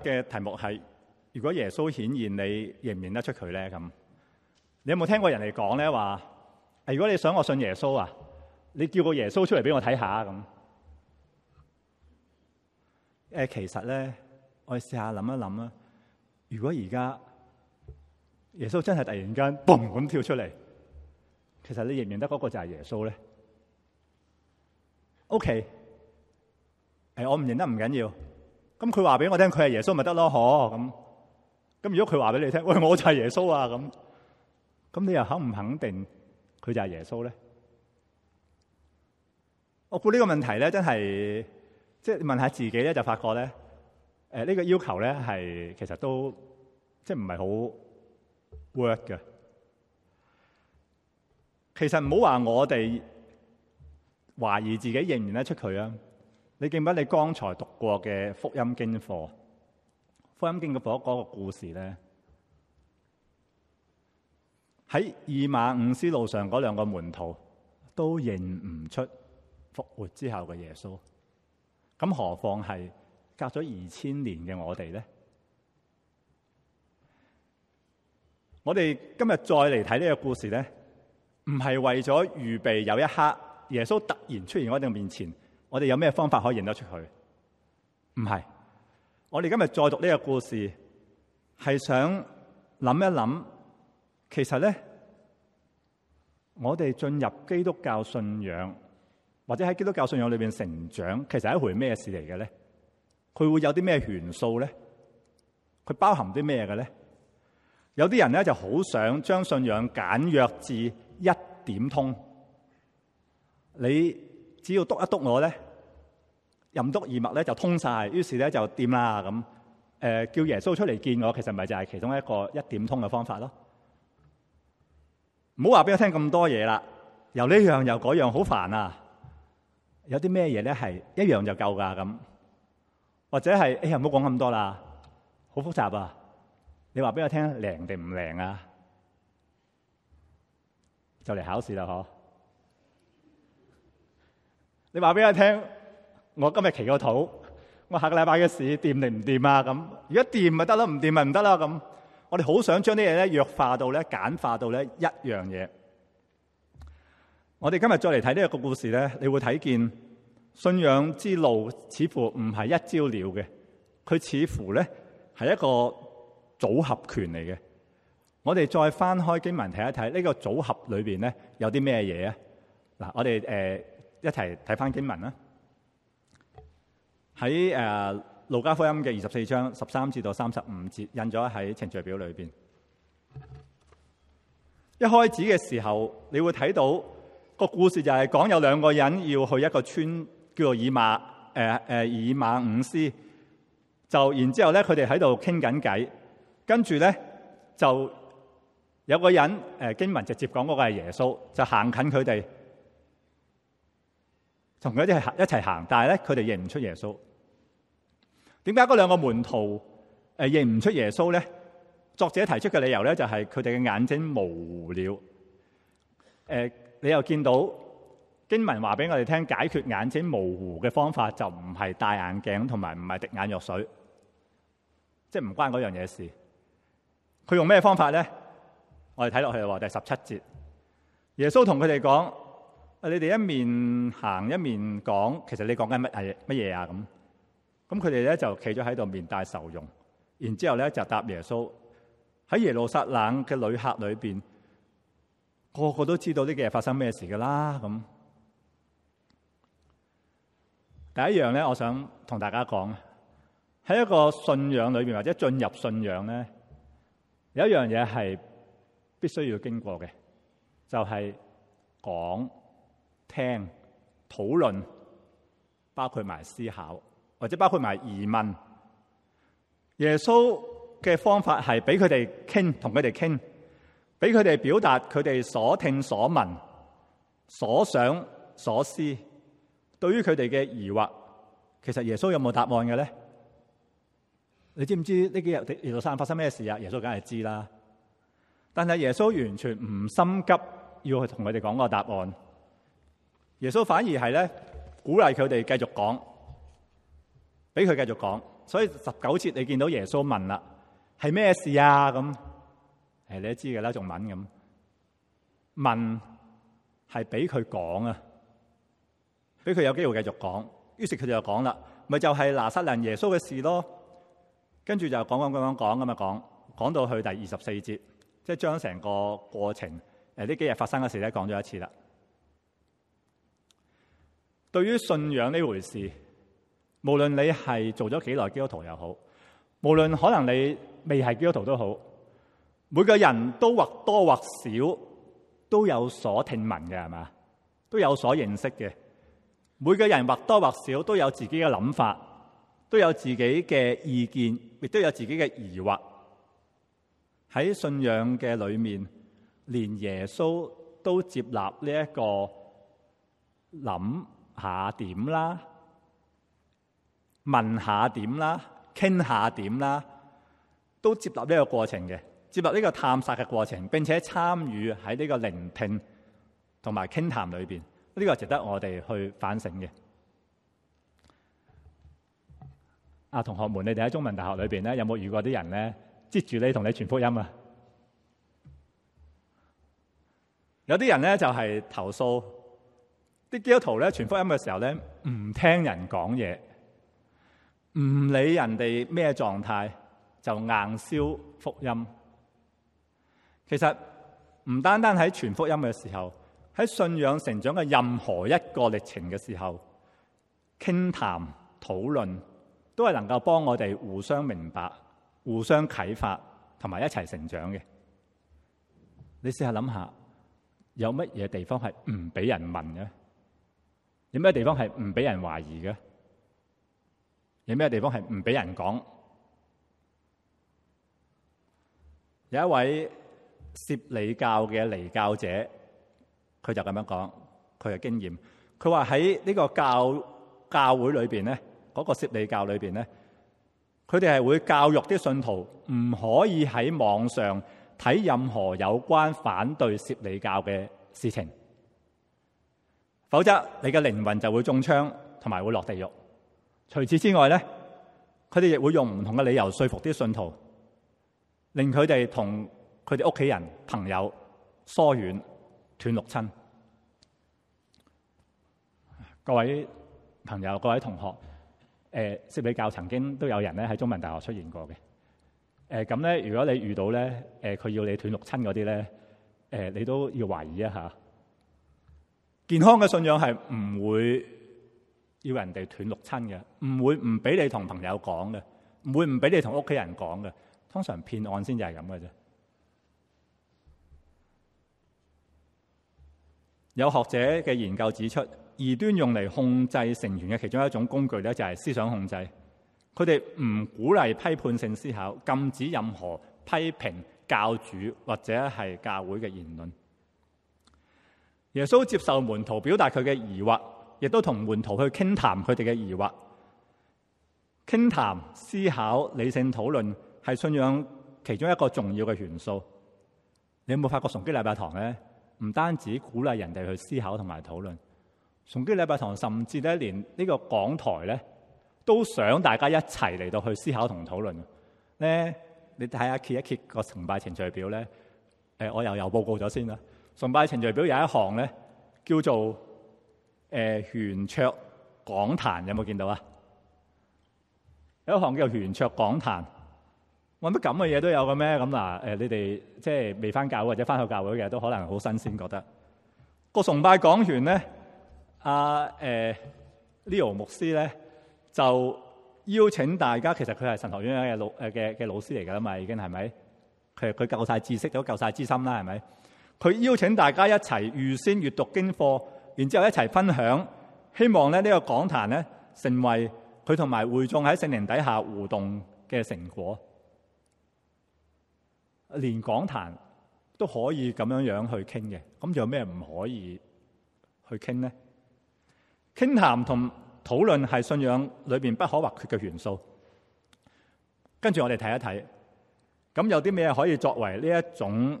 嘅題目係：如果耶穌顯現，你認唔認得出佢咧咁你有冇聽過人哋講咧話誒，如果你想我信耶穌啊，你叫個耶穌出嚟俾我睇下咁。誒，其實咧，我哋試下諗一諗啊。如果而家耶穌真係突然間嘣咁跳出嚟，其實你認唔認得嗰個就係耶穌咧？OK，誒，okay, 我唔認得唔緊要。咁佢話俾我聽佢係耶穌咪得咯？嗬咁，咁如果佢話俾你聽，喂，我就係耶穌啊咁，咁你又肯唔肯定佢就係耶穌咧？我估呢個問題咧，真係即係問下自己咧，就發覺咧，誒、呃，呢個要求咧係其實都即係唔係好 work 嘅。其實唔好話我哋懷疑自己認唔認得出佢啊。你記唔記得你剛才讀過嘅福音經課？福音經嘅課嗰個故事咧，喺以馬忤斯路上嗰兩個門徒都認唔出復活之後嘅耶穌，咁何況係隔咗二千年嘅我哋咧？我哋今日再嚟睇呢個故事咧，唔係為咗預備有一刻耶穌突然出現喺我哋面前。我哋有咩方法可以認得出佢？唔係，我哋今日再讀呢個故事，係想諗一諗，其實咧，我哋進入基督教信仰或者喺基督教信仰裏邊成長，其實係一回咩事嚟嘅咧？佢會有啲咩元素咧？佢包含啲咩嘅咧？有啲人咧就好想將信仰簡約至一點通，你只要督一督我咧。任督二脈咧就通晒，於是咧就掂啦咁。誒、呃，叫耶穌出嚟見我，其實咪就係其中一個一點通嘅方法咯。唔好話俾我聽咁多嘢啦，又呢樣又嗰樣，好煩啊！有啲咩嘢咧係一樣就夠㗎咁，或者係誒唔好講咁多啦，好複雜啊！你話俾我聽，靈定唔靈啊？就嚟考試啦，嗬！你話俾我聽。我今日祈個禱，我下個禮拜嘅事掂定唔掂啊？咁如果掂咪得咯，唔掂咪唔得啦。咁我哋好想將啲嘢咧弱化到咧簡化到咧一樣嘢。我哋今日再嚟睇呢個故事咧，你會睇見信仰之路似乎唔係一招了嘅，佢似乎咧係一個組合拳嚟嘅。我哋再翻開經文睇一睇，呢、這個組合裏邊咧有啲咩嘢啊？嗱，我哋誒、呃、一齊睇翻經文啦。喺誒、呃、路加福音嘅二十四章十三至到三十五節印咗喺程序表裏邊。一開始嘅時候，你會睇到個故事就係講有兩個人要去一個村叫做以馬誒誒、呃呃、以馬忤斯，就然之後咧佢哋喺度傾緊偈，跟住咧就有個人誒、呃、經文直接講嗰個係耶穌，就行近佢哋，同佢哋一齊行，但係咧佢哋認唔出耶穌。點解嗰兩個門徒誒認唔出耶穌咧？作者提出嘅理由咧就係佢哋嘅眼睛模糊了。誒、呃，你又見到經文話俾我哋聽，解決眼睛模糊嘅方法就唔係戴眼鏡同埋唔係滴眼藥水，即係唔關嗰樣嘢事。佢用咩方法咧？我哋睇落去話第十七節，耶穌同佢哋講：你哋一面行一面講，其實你講緊乜係乜嘢啊？咁。咁佢哋咧就企咗喺度，面帶愁容。然之後咧就答耶穌：喺耶路撒冷嘅旅客裏面，個個都知道呢幾日發生咩事㗎啦。咁第一樣咧，我想同大家講喺一個信仰裏面或者進入信仰咧，有一樣嘢係必須要經過嘅，就係、是、講、聽、討論，包括埋思考。或者包括埋疑問，耶穌嘅方法係俾佢哋傾，同佢哋傾俾佢哋表達佢哋所聽所聞所想所思。對於佢哋嘅疑惑，其實耶穌有冇答案嘅咧？你知唔知呢幾日喺耶路撒冷發生咩事啊？耶穌梗係知啦，但係耶穌完全唔心急要去同佢哋講個答案。耶穌反而係咧鼓勵佢哋繼續講。俾佢繼續講，所以十九節你見到耶穌問啦，係咩事啊？咁，誒你都知噶啦，仲問咁問係俾佢講啊，俾佢有機會繼續講。於是佢就講啦，咪就係、是、拿撒勒耶穌嘅事咯。跟住就講講講講講咁啊講，講到去第二十四節，即係將成個過程誒呢幾日發生嘅事咧講咗一次啦。對於信仰呢回事。無論你係做咗幾耐基督徒又好，無論可能你未係基督徒都好，每個人都或多或少都有所聽聞嘅係嘛，都有所認識嘅。每個人或多或少都有自己嘅諗法，都有自己嘅意見，亦都有自己嘅疑惑。喺信仰嘅裏面，連耶穌都接納呢一個，諗下點啦。問下點啦，傾下點啦，都接納呢個過程嘅，接納呢個探索嘅過程，並且參與喺呢個聆聽同埋傾談裏邊，呢、這個值得我哋去反省嘅。啊，同學們，你哋喺中文大學裏邊咧，有冇遇過啲人咧，接住你同你傳福音啊？有啲人咧就係、是、投訴，啲基督徒咧傳福音嘅時候咧，唔聽人講嘢。唔理人哋咩狀態，就硬銷福音。其實唔單單喺傳福音嘅時候，喺信仰成長嘅任何一個歷程嘅時候，傾談討論都係能夠幫我哋互相明白、互相啟發同埋一齊成長嘅。你試下諗下，有乜嘢地方係唔俾人問嘅？有咩地方係唔俾人懷疑嘅？有咩地方係唔俾人講？有一位攝理教嘅離教者，佢就咁樣講，佢嘅經驗，佢話喺呢個教教會裏邊咧，嗰個攝理教裏邊咧，佢哋係會教育啲信徒唔可以喺網上睇任何有關反對攝理教嘅事情，否則你嘅靈魂就會中槍，同埋會落地獄。除此之外咧，佢哋亦會用唔同嘅理由說服啲信徒，令佢哋同佢哋屋企人、朋友疏遠、斷六親。各位朋友、各位同學，誒，攝理教曾經都有人咧喺中文大學出現過嘅。誒，咁咧，如果你遇到咧，誒、呃，佢要你斷六親嗰啲咧，誒、呃，你都要懷疑一下。健康嘅信仰係唔會。要人哋斷六親嘅，唔會唔俾你同朋友講嘅，唔會唔俾你同屋企人講嘅。通常騙案先至係咁嘅啫。有學者嘅研究指出，異端用嚟控制成員嘅其中一種工具咧，就係思想控制。佢哋唔鼓勵批判性思考，禁止任何批評教主或者係教會嘅言論。耶穌接受門徒表達佢嘅疑惑。亦都同門徒去傾談佢哋嘅疑惑。傾談思考理性討論係信仰其中一個重要嘅元素。你有冇發覺崇基禮拜堂咧？唔單止鼓勵人哋去思考同埋討論，崇基禮拜堂甚至咧，連呢個講台咧都想大家一齊嚟到去思考同討論。咧，你睇下揭一揭個崇拜程序表咧。誒，我又又報告咗先啦。崇拜程序表有一項咧，叫做。誒玄卓講壇有冇見到啊？有一項叫玄卓講壇，揾啲咁嘅嘢都有嘅咩？咁嗱，誒、呃、你哋即係未翻教會或者翻去教會嘅都可能好新鮮，覺得、那個崇拜講完咧，阿、啊、誒、呃、Leo 牧師咧就邀請大家，其實佢係神學院嘅老誒嘅嘅老師嚟㗎嘛，已經係咪？佢佢夠晒知識，都夠晒資深啦，係咪？佢邀請大家一齊預先閱讀經課。然之後一齊分享，希望咧呢個講壇咧成為佢同埋會眾喺聖靈底下互動嘅成果。連講壇都可以咁樣樣去傾嘅，咁有咩唔可以去傾呢？傾談同討論係信仰裏邊不可或缺嘅元素。跟住我哋睇一睇，咁有啲咩可以作為呢一種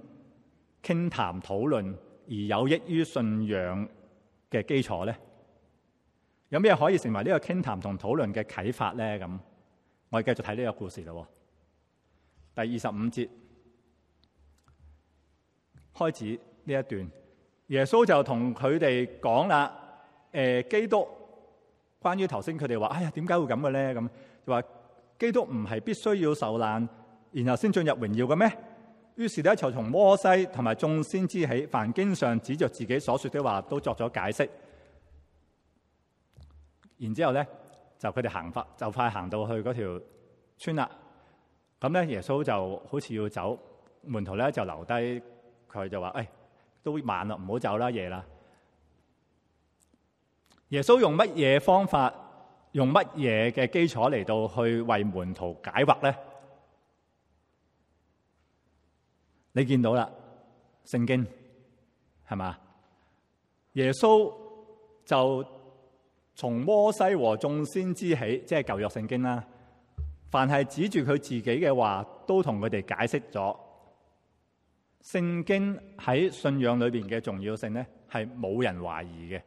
傾談討論而有益於信仰？嘅基礎咧，有咩可以成為呢個傾談同討論嘅啟發咧？咁我哋繼續睇呢個故事啦、哦。第二十五節開始呢一段，耶穌就同佢哋講啦。誒，基督關於頭先佢哋話：，哎呀，點解會咁嘅咧？咁就話基督唔係必須要受難，然後先進入榮耀嘅咩？於是咧，就從摩西同埋眾先知起，凡經上指著自己所說的話，都作咗解釋。然之後咧，就佢哋行法，就快行到去嗰條村啦。咁咧，耶穌就好似要走，門徒咧就留低，佢就話：，誒、哎，都了了晚啦，唔好走啦，夜啦。耶穌用乜嘢方法？用乜嘢嘅基礎嚟到去為門徒解惑咧？你見到啦，聖經係嘛？耶穌就從摩西和眾先知起，即係舊約聖經啦。凡係指住佢自己嘅話，都同佢哋解釋咗。聖經喺信仰裏邊嘅重要性咧，係冇人懷疑嘅。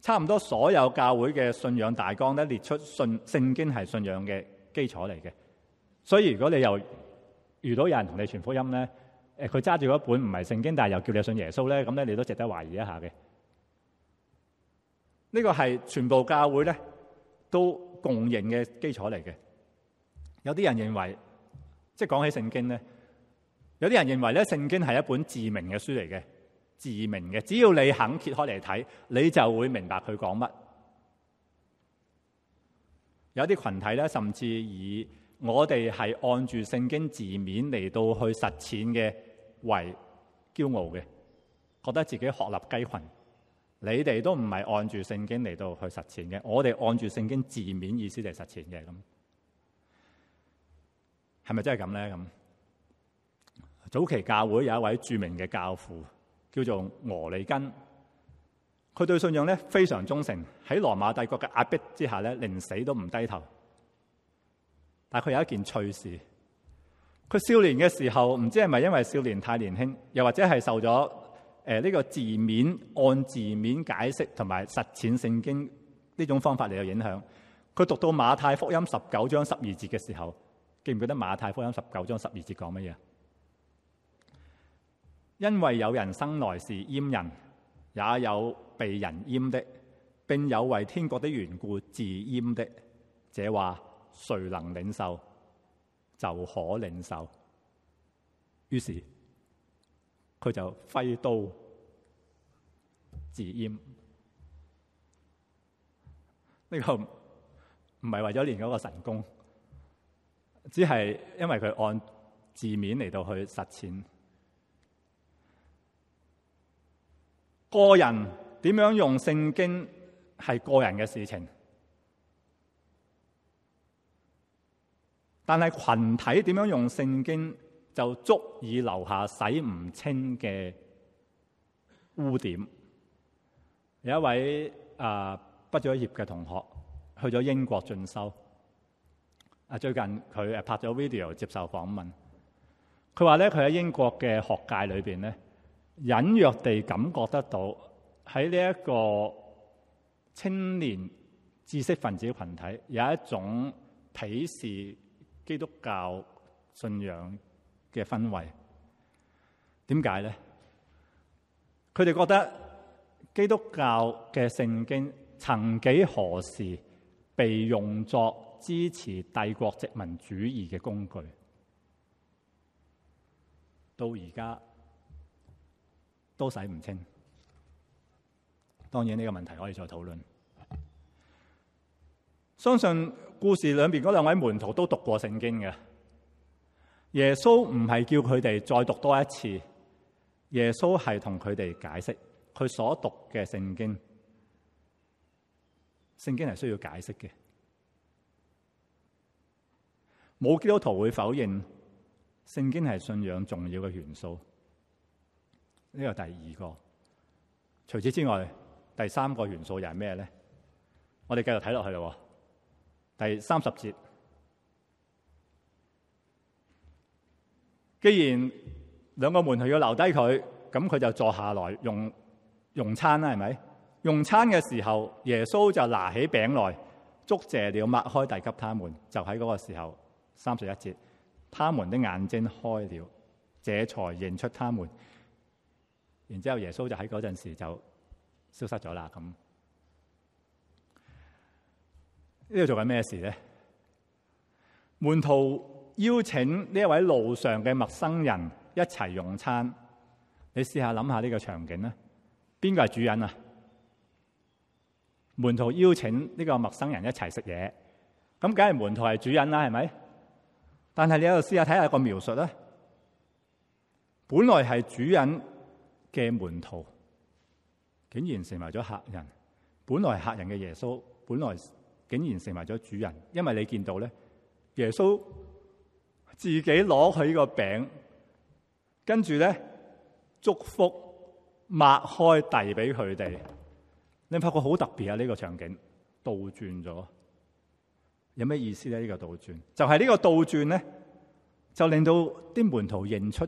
差唔多所有教會嘅信仰大綱咧，列出信聖經係信仰嘅基礎嚟嘅。所以如果你由遇到有人同你傳福音咧，誒佢揸住嗰本唔係聖經，但係又叫你信耶穌咧，咁咧你都值得懷疑一下嘅。呢個係全部教會咧都共認嘅基礎嚟嘅。有啲人認為，即係講起聖經咧，有啲人認為咧聖經係一本自明嘅書嚟嘅，自明嘅，只要你肯揭開嚟睇，你就會明白佢講乜。有啲群體咧，甚至以我哋係按住聖經字面嚟到去實踐嘅，為驕傲嘅，覺得自己鶴立雞群。你哋都唔係按住聖經嚟到去實踐嘅，我哋按住聖經字面意思嚟實踐嘅，咁係咪真係咁咧？咁早期教會有一位著名嘅教父叫做俄利根，佢對信仰咧非常忠誠，喺羅馬帝國嘅壓迫之下咧，寧死都唔低頭。但佢有一件趣事，佢少年嘅時候唔知係咪因為少年太年輕，又或者係受咗誒呢個字面按字面解釋同埋實踐聖經呢種方法嚟有影響。佢讀到馬太福音十九章十二節嘅時候，記唔記得馬太福音十九章十二節講乜嘢？因為有人生來是閹人，也有被人閹的，並有為天國的緣故自閹的。這話。誰能領受，就可領受。於是佢就揮刀自閹。呢個唔係為咗練嗰個神功，只係因為佢按字面嚟到去實踐。個人點樣用聖經係個人嘅事情。但係群體點樣用聖經，就足以留下洗唔清嘅污點。有一位啊，畢咗業嘅同學去咗英國進修。啊，最近佢拍咗 video 接受訪問，佢話咧，佢喺英國嘅學界裏面咧，隱約地感覺得到喺呢一個青年知識分子嘅羣體有一種鄙視。基督教信仰嘅氛圍，點解咧？佢哋覺得基督教嘅聖經曾幾何時被用作支持帝國殖民主義嘅工具，到而家都洗唔清。當然呢個問題可以再討論。相信故事裏面嗰兩位門徒都讀過聖經嘅。耶穌唔係叫佢哋再讀多一次，耶穌係同佢哋解釋佢所讀嘅聖經。聖經係需要解釋嘅，冇基督徒會否認聖經係信仰重要嘅元素。呢個第二個。除此之外，第三個元素又係咩咧？我哋繼續睇落去啦。第三十節，既然兩個門徒要留低佢，咁佢就坐下來用用餐啦，係咪？用餐嘅時候，耶穌就拿起餅來，祝謝了，擘開遞給他們，就喺嗰個時候，三十一節，他們的眼睛開了，這才認出他們。然之後耶穌就喺嗰陣時就消失咗啦，咁。這什麼事，呢度做緊咩事咧？門徒邀請呢一位路上嘅陌生人一齊用餐，你試下諗下呢個場景咧，邊個係主人啊？門徒邀請呢個陌生人一齊食嘢，咁梗係門徒係主人啦，係咪？但係你喺度試下睇下個描述啦。本來係主人嘅門徒，竟然成為咗客人；本來係客人嘅耶穌，本來。竟然成為咗主人，因為你見到咧，耶穌自己攞起個餅，跟住咧祝福，擘開遞俾佢哋。你發覺好特別啊！呢個場景倒轉咗，有咩意思咧？呢個倒轉就係呢個倒轉咧，就令到啲門徒認出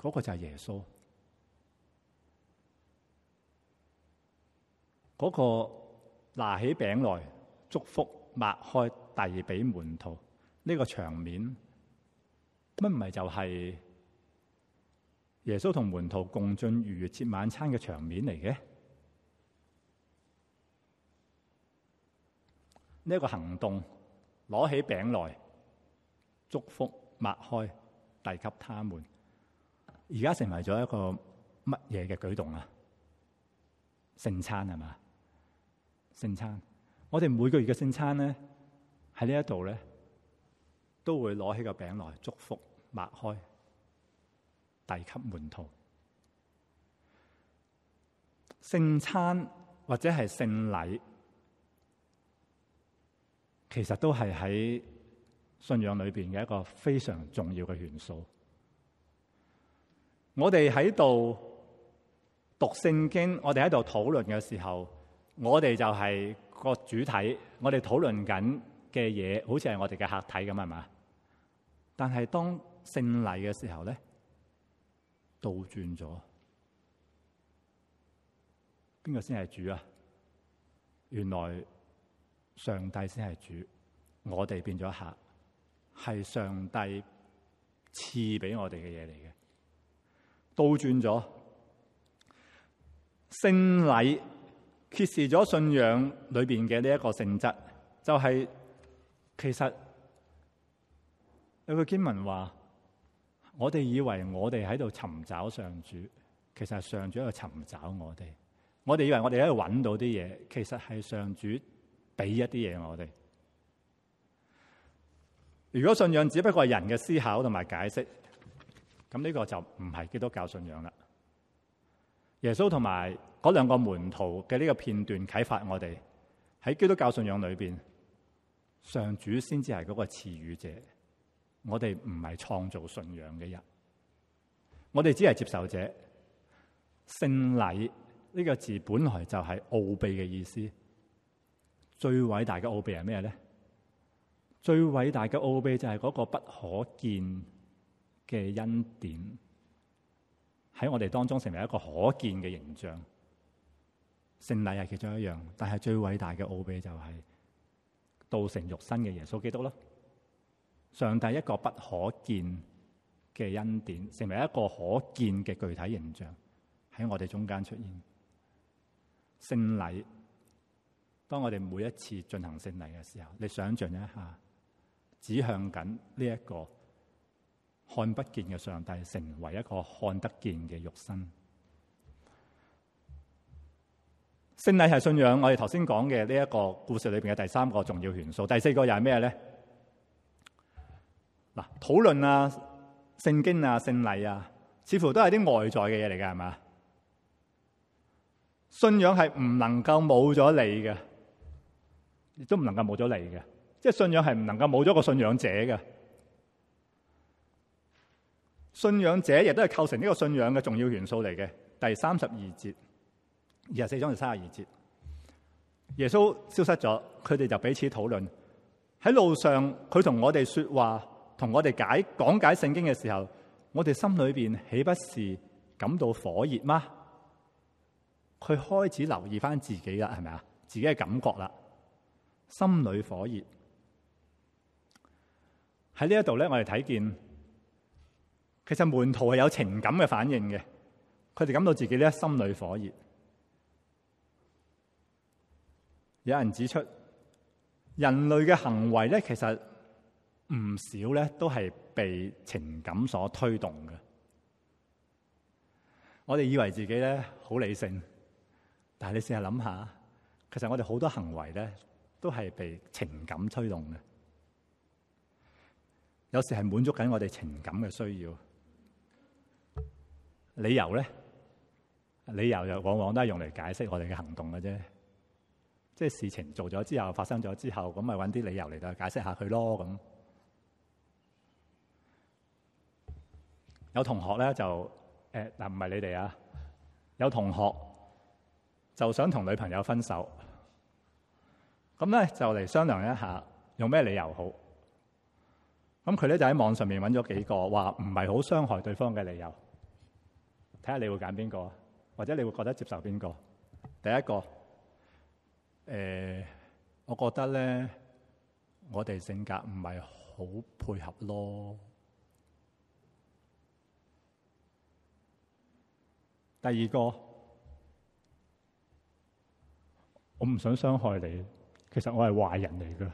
嗰個就係耶穌。嗰個拿起餅來。祝福擘開遞俾門徒呢個場面，乜唔係就係耶穌同門徒共進逾越節晚餐嘅場面嚟嘅？呢個行動攞起餅來祝福擘開遞給他們，而家成為咗一個乜嘢嘅舉動啊？聖餐係嘛？聖餐。我哋每個月嘅聖餐咧，喺呢一度咧，都會攞起個餅來祝福，擘開，遞給門徒。聖餐或者係聖禮，其實都係喺信仰裏邊嘅一個非常重要嘅元素。我哋喺度讀聖經，我哋喺度討論嘅時候，我哋就係、是。個主體，我哋討論緊嘅嘢，好似係我哋嘅客體咁，係嘛？但係當聖禮嘅時候咧，倒轉咗，邊個先係主啊？原來上帝先係主，我哋變咗客，係上帝賜俾我哋嘅嘢嚟嘅，倒轉咗聖禮。揭示咗信仰裏邊嘅呢一個性質，就係、是、其實有個經文話：我哋以為我哋喺度尋找上主，其實上主喺度尋找我哋；我哋以為我哋喺度揾到啲嘢，其實係上主俾一啲嘢我哋。如果信仰只不過係人嘅思考同埋解釋，咁呢個就唔係基督教信仰啦。耶穌同埋嗰兩個門徒嘅呢個片段啟發我哋喺基督教信仰裏邊，上主先至係嗰個賜予者，我哋唔係創造信仰嘅人，我哋只係接受者。聖禮呢個字本來就係奧祕嘅意思。最偉大嘅奧祕係咩咧？最偉大嘅奧祕就係嗰個不可見嘅恩典。喺我哋當中成為一個可見嘅形象，聖禮係其中一樣，但係最偉大嘅奧秘就係、是、道成肉身嘅耶穌基督啦。上帝一個不可見嘅恩典，成為一個可見嘅具體形象喺我哋中間出現。聖禮，當我哋每一次進行聖禮嘅時候，你想象一下，指向緊呢一個。看不見嘅上帝成為一個看得見嘅肉身。聖禮係信仰，我哋頭先講嘅呢一個故事裏邊嘅第三個重要元素。第四個又係咩咧？嗱，討論啊、聖經啊、聖禮啊，似乎都係啲外在嘅嘢嚟㗎，係嘛？信仰係唔能夠冇咗你嘅，亦都唔能夠冇咗你嘅，即係信仰係唔能夠冇咗個信仰者嘅。信仰者亦都係構成呢個信仰嘅重要元素嚟嘅。第三十二節，二十四章就三十二節。耶穌消失咗，佢哋就彼此討論。喺路上，佢同我哋說話，同我哋解講解聖經嘅時候，我哋心裏邊豈不是感到火熱嗎？佢開始留意返自己啦，係咪啊？自己嘅感覺啦，心裏火熱。喺呢一度咧，我哋睇見。其實門徒係有情感嘅反應嘅，佢哋感到自己咧心裏火熱。有人指出，人類嘅行為咧，其實唔少咧都係被情感所推動嘅。我哋以為自己咧好理性，但係你試下諗下，其實我哋好多行為咧都係被情感推動嘅，有時係滿足緊我哋情感嘅需要。理由咧，理由就往往都係用嚟解釋我哋嘅行動嘅啫，即係事情做咗之後發生咗之後，咁咪搵啲理由嚟度解釋下佢咯。咁有同學咧就誒，嗱，唔係你哋啊，有同學就想同女朋友分手，咁咧就嚟商量一下用咩理由好。咁佢咧就喺網上面搵咗幾個話唔係好傷害對方嘅理由。睇下你會揀邊個，或者你會覺得接受邊個？第一個，誒、呃，我覺得呢，我哋性格唔係好配合咯。第二個，我唔想傷害你，其實我係壞人嚟㗎。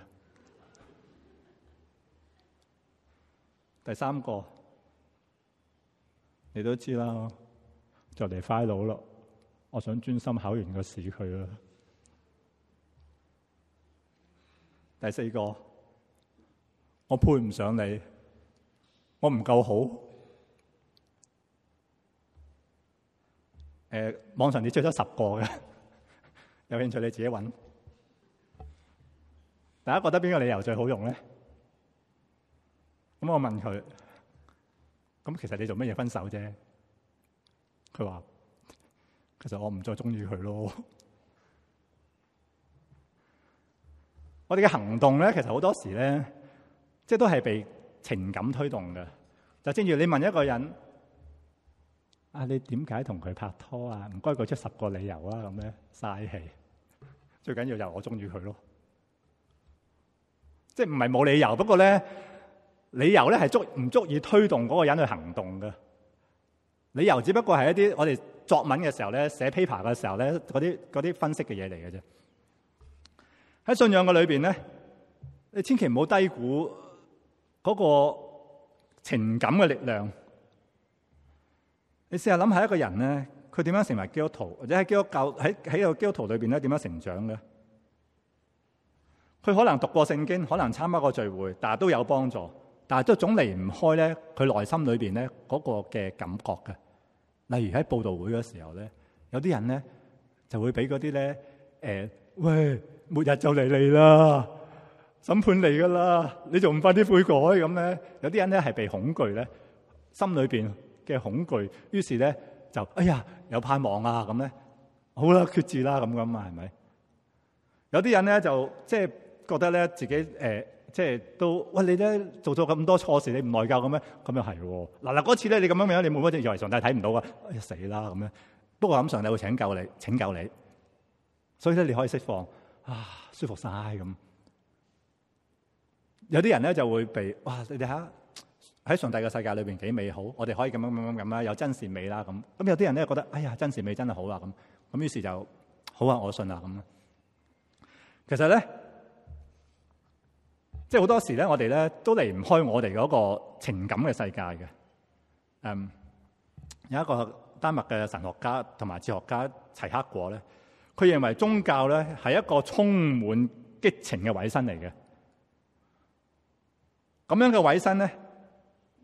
第三個，你都知啦。就嚟 final 咯，我想專心考完個試佢啦。第四個，我配唔上你，我唔夠好。誒、呃，網上你出咗十個嘅，有興趣你自己搵。大家覺得邊個理由最好用咧？咁我問佢，咁其實你做乜嘢分手啫？佢話：其實我唔再中意佢咯。 我哋嘅行動咧，其實好多時咧，即係都係被情感推動嘅。就正如你問一個人：啊，你點解同佢拍拖啊？唔該，佢出十個理由啊，咁咧嘥氣。最緊要就我中意佢咯。即係唔係冇理由，不過咧，理由咧係足唔足以推動嗰個人去行動嘅。理由只不過係一啲我哋作文嘅時候咧，寫 paper 嘅時候咧，嗰啲嗰啲分析嘅嘢嚟嘅啫。喺信仰嘅裏邊咧，你千祈唔好低估嗰個情感嘅力量。你試下諗下一個人咧，佢點樣成為基督徒，或者喺基督教喺喺個基督徒裏邊咧點樣成長咧？佢可能讀過聖經，可能參加過聚會，但係都有幫助。嗱，都總離唔開咧，佢內心裏邊咧嗰個嘅感覺嘅。例如喺報道會嘅時候咧，有啲人咧就會俾嗰啲咧，誒、欸，喂，末日就嚟嚟啦，審判嚟噶啦，你仲唔快啲悔改咁咧。有啲人咧係被恐懼咧，心裏邊嘅恐懼，於是咧就，哎呀，有盼望啊，咁咧，好啦，決志啦，咁咁啊，係咪？有啲人咧就即係、就是、覺得咧自己誒。欸即係都喂，你咧做咗咁多錯事，你唔內疚嘅咩？咁又係喎。嗱嗱，嗰次咧，你咁樣樣，你冇乜嘢，以為上帝睇唔到啊，哎呀，死啦咁樣。不過咁，上帝會拯救你，拯救你。所以咧，你可以釋放啊，舒服晒咁。有啲人咧就會被哇！你睇下喺上帝嘅世界裏邊幾美好，我哋可以咁樣咁樣咁啦，有真善美啦咁。咁有啲人咧覺得哎呀，真善美真係好啊咁。咁於是就好啊，我信啦，啊，咁。其實咧。即係好多時咧，我哋咧都離唔開我哋嗰個情感嘅世界嘅。誒，有一個丹麥嘅神學家同埋哲學家齊克果咧，佢認為宗教咧係一個充滿激情嘅委身嚟嘅。咁樣嘅委身咧，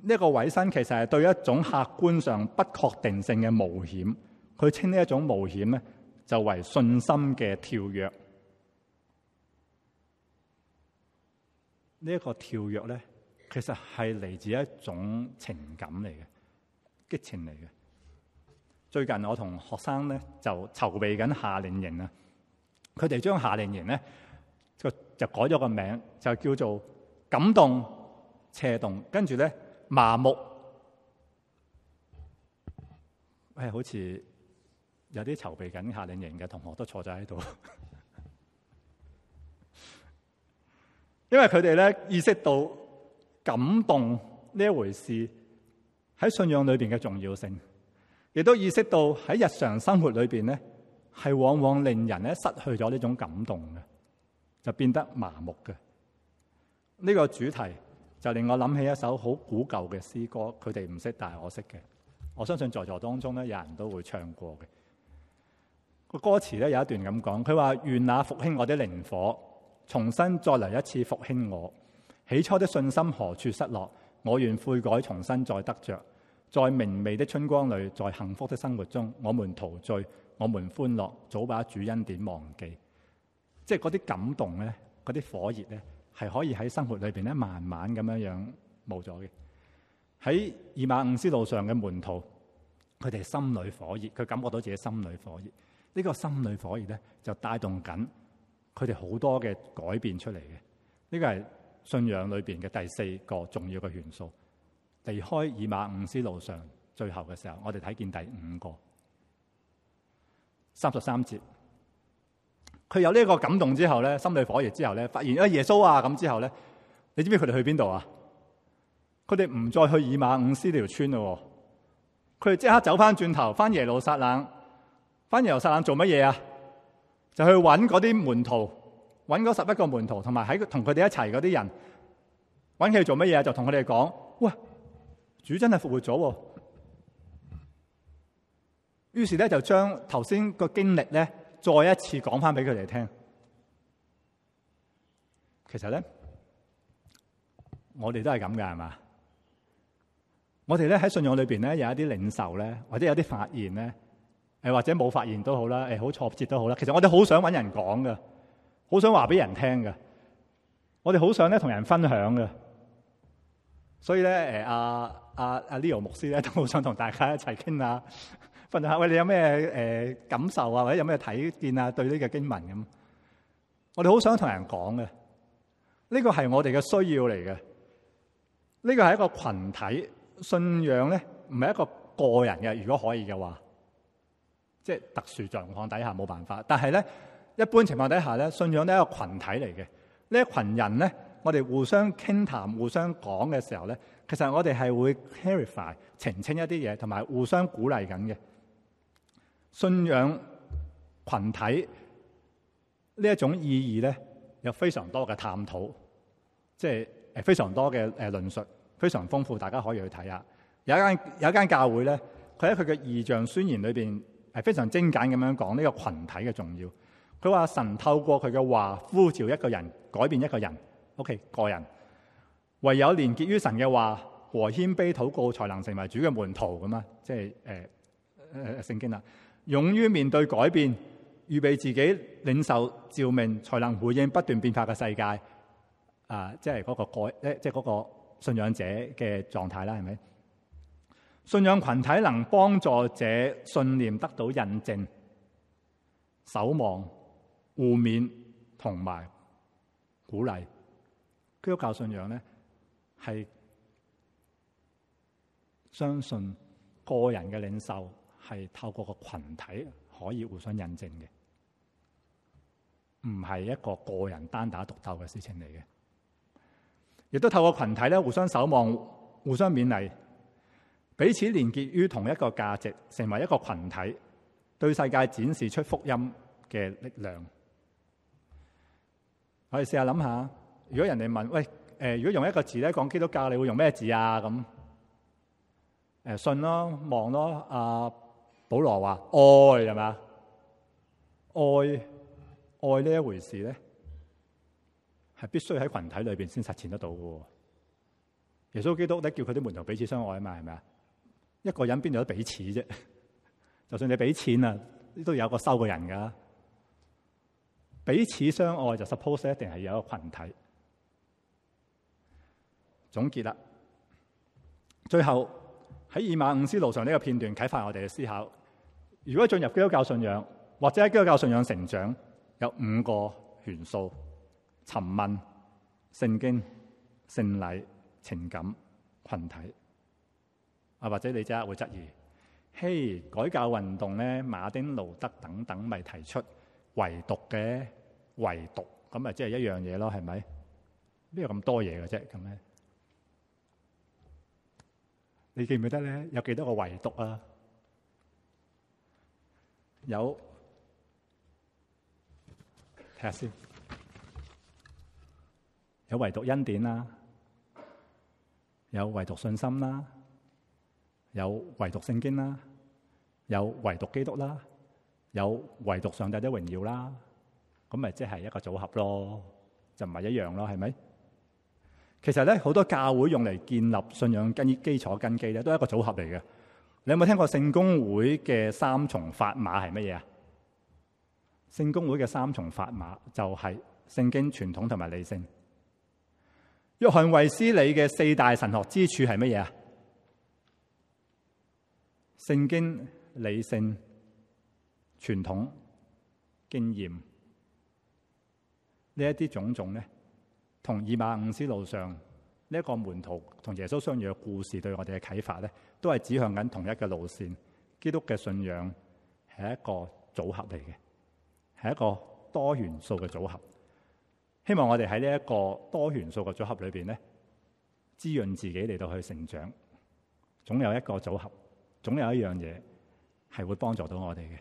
呢一個委身其實係對一種客觀上不確定性嘅冒險。佢稱呢一種冒險咧就為信心嘅跳躍。呢、這、一個跳躍咧，其實係嚟自一種情感嚟嘅，激情嚟嘅。最近我同學生咧就籌備緊夏令營啊，佢哋將夏令營咧就就改咗個名，就叫做感動、斜動，跟住咧麻木。誒、哎，好似有啲籌備緊夏令營嘅同學都坐咗喺度。因為佢哋咧意識到感動呢一回事喺信仰裏邊嘅重要性，亦都意識到喺日常生活裏邊咧係往往令人咧失去咗呢種感動嘅，就變得麻木嘅。呢、這個主題就令我諗起一首好古舊嘅詩歌，佢哋唔識，但係我識嘅。我相信在座、座當中咧，有人都會唱過嘅。個歌詞咧有一段咁講，佢話願那、啊、復興我啲靈火，重新再來一次復興我，起初的信心何處失落？我願悔改，重新再得着。在明媚的春光裏，在幸福的生活中，我們陶醉，我們歡樂，早把主恩典忘記。即係嗰啲感動呢，嗰啲火熱呢，係可以喺生活裏邊咧，慢慢咁樣樣冇咗嘅。喺以馬忤斯路上嘅門徒，佢哋心裏火熱，佢感覺到自己心裏火熱。呢、這個心裏火熱呢，就帶動緊。佢哋好多嘅改變出嚟嘅，呢個係信仰裏邊嘅第四個重要嘅元素。離開以馬忤斯路上最後嘅時候，我哋睇見第五個三十三節。佢有呢個感動之後咧，心裏火熱之後咧，發現耶穌啊耶穌啊咁之後咧，你知唔知佢哋去邊度啊？佢哋唔再去以馬忤斯呢條村咯，佢哋即刻走返轉頭，返耶路撒冷，返耶路撒冷做乜嘢啊？就去揾嗰啲門徒，揾嗰十一個門徒同埋喺同佢哋一齊嗰啲人，揾佢做乜嘢？就同佢哋講：喂，主真係復活咗喎！於是咧就將頭先個經歷咧，再一次講翻俾佢哋聽。其實咧，我哋都係咁嘅係嘛？我哋咧喺信仰裏面咧有一啲領受咧，或者有啲發言咧。誒，或者冇發現都好啦，誒，好挫折都好啦。其實我哋好想揾人講嘅，好想話俾人聽嘅，我哋好想咧同人分享嘅。所以咧，誒、啊，阿阿阿 Leo 牧師咧都好想同大家一齊傾下，分享下。喂，你有咩誒感受啊？或者有咩睇見啊？對呢個經文，咁，我哋好想同人講嘅。呢個係我哋嘅需要嚟嘅。呢個係一個群體信仰咧，唔係一個個人嘅。如果可以嘅話。即係特殊狀況底下冇辦法，但係咧一般情況底下咧，信仰都係一個群體嚟嘅。呢一群人咧，我哋互相傾談、互相講嘅時候咧，其實我哋係會 clarify 澄清一啲嘢，同埋互相鼓勵緊嘅。信仰群體呢一種意義咧，有非常多嘅探討，即係誒非常多嘅誒論述，非常豐富，大家可以去睇下。有一間有一間教會咧，佢喺佢嘅異象宣言裏邊。係非常精簡咁樣講呢個群體嘅重要。佢話神透過佢嘅話呼召一個人改變一個人。O、OK, K. 個人唯有連結於神嘅話和謙卑禱告，才能成為主嘅門徒咁啊！即係誒、呃，聖經啦，勇於面對改變，預備自己領受召命，才能回應不斷變化嘅世界。啊、呃，即係嗰、那個改誒，即係個信仰者嘅狀態啦，係咪？信仰群體能幫助者信念得到印證、守望、互勉同埋鼓勵。基督教信仰咧係相信個人嘅領袖係透過個群體可以互相印證嘅，唔係一個個人單打獨鬥嘅事情嚟嘅。亦都透過群體咧互相守望、互相勉勵。彼此連結於同一個價值，成為一個群體，對世界展示出福音嘅力量。我哋試下諗下，如果人哋問，喂，誒、呃，如果用一個字咧講基督教，你會用咩字啊？咁，誒、呃，信咯，望咯，阿、啊、保羅話愛，係咪啊？愛，愛呢一回事咧，係必須喺群體裏邊先實踐得到嘅。耶穌基督你叫佢啲門徒彼此相愛啊嘛，係咪啊？一個人邊度都彼此啫？ 就算你俾錢啊，都有個收嘅人噶。彼此相愛就 suppose 一定係有一個群體。總結啦，最後喺以馬忤斯路上呢個片段啟發我哋嘅思考。如果進入基督教信仰，或者喺基督教信仰成長，有五個元素：尋問、聖經、聖禮、情感、群體。啊！或者你即刻會質疑：嘿、hey，改教運動咧，馬丁路德等等咪提出唯獨嘅唯獨咁咪即係一樣嘢咯，係咪？邊有咁多嘢嘅啫？咁咧，你記唔記得咧？有幾多個唯獨啊？有睇下先，有唯獨恩典啦、啊，有唯獨信心啦、啊。有唯獨聖經啦，有唯獨基督啦，有唯獨上帝的榮耀啦，咁咪即係一個組合咯，就唔係一樣咯，係咪？其實咧，好多教會用嚟建立信仰基礎根基咧，都係一個組合嚟嘅。你有冇聽過聖公會嘅三重法碼係乜嘢啊？聖公會嘅三重法碼就係聖經、傳統同埋理性。約翰衛斯理嘅四大神學之柱係乜嘢啊？聖經、理性、傳統、經驗，呢一啲種種咧，同以馬忤斯路上呢一個門徒同耶穌相遇嘅故事，對我哋嘅啟發咧，都係指向緊同一個路線。基督嘅信仰係一個組合嚟嘅，係一個多元素嘅組合。希望我哋喺呢一個多元素嘅組合裏邊咧，滋潤自己嚟到去成長，總有一個組合。總有一樣嘢係會幫助到我哋嘅。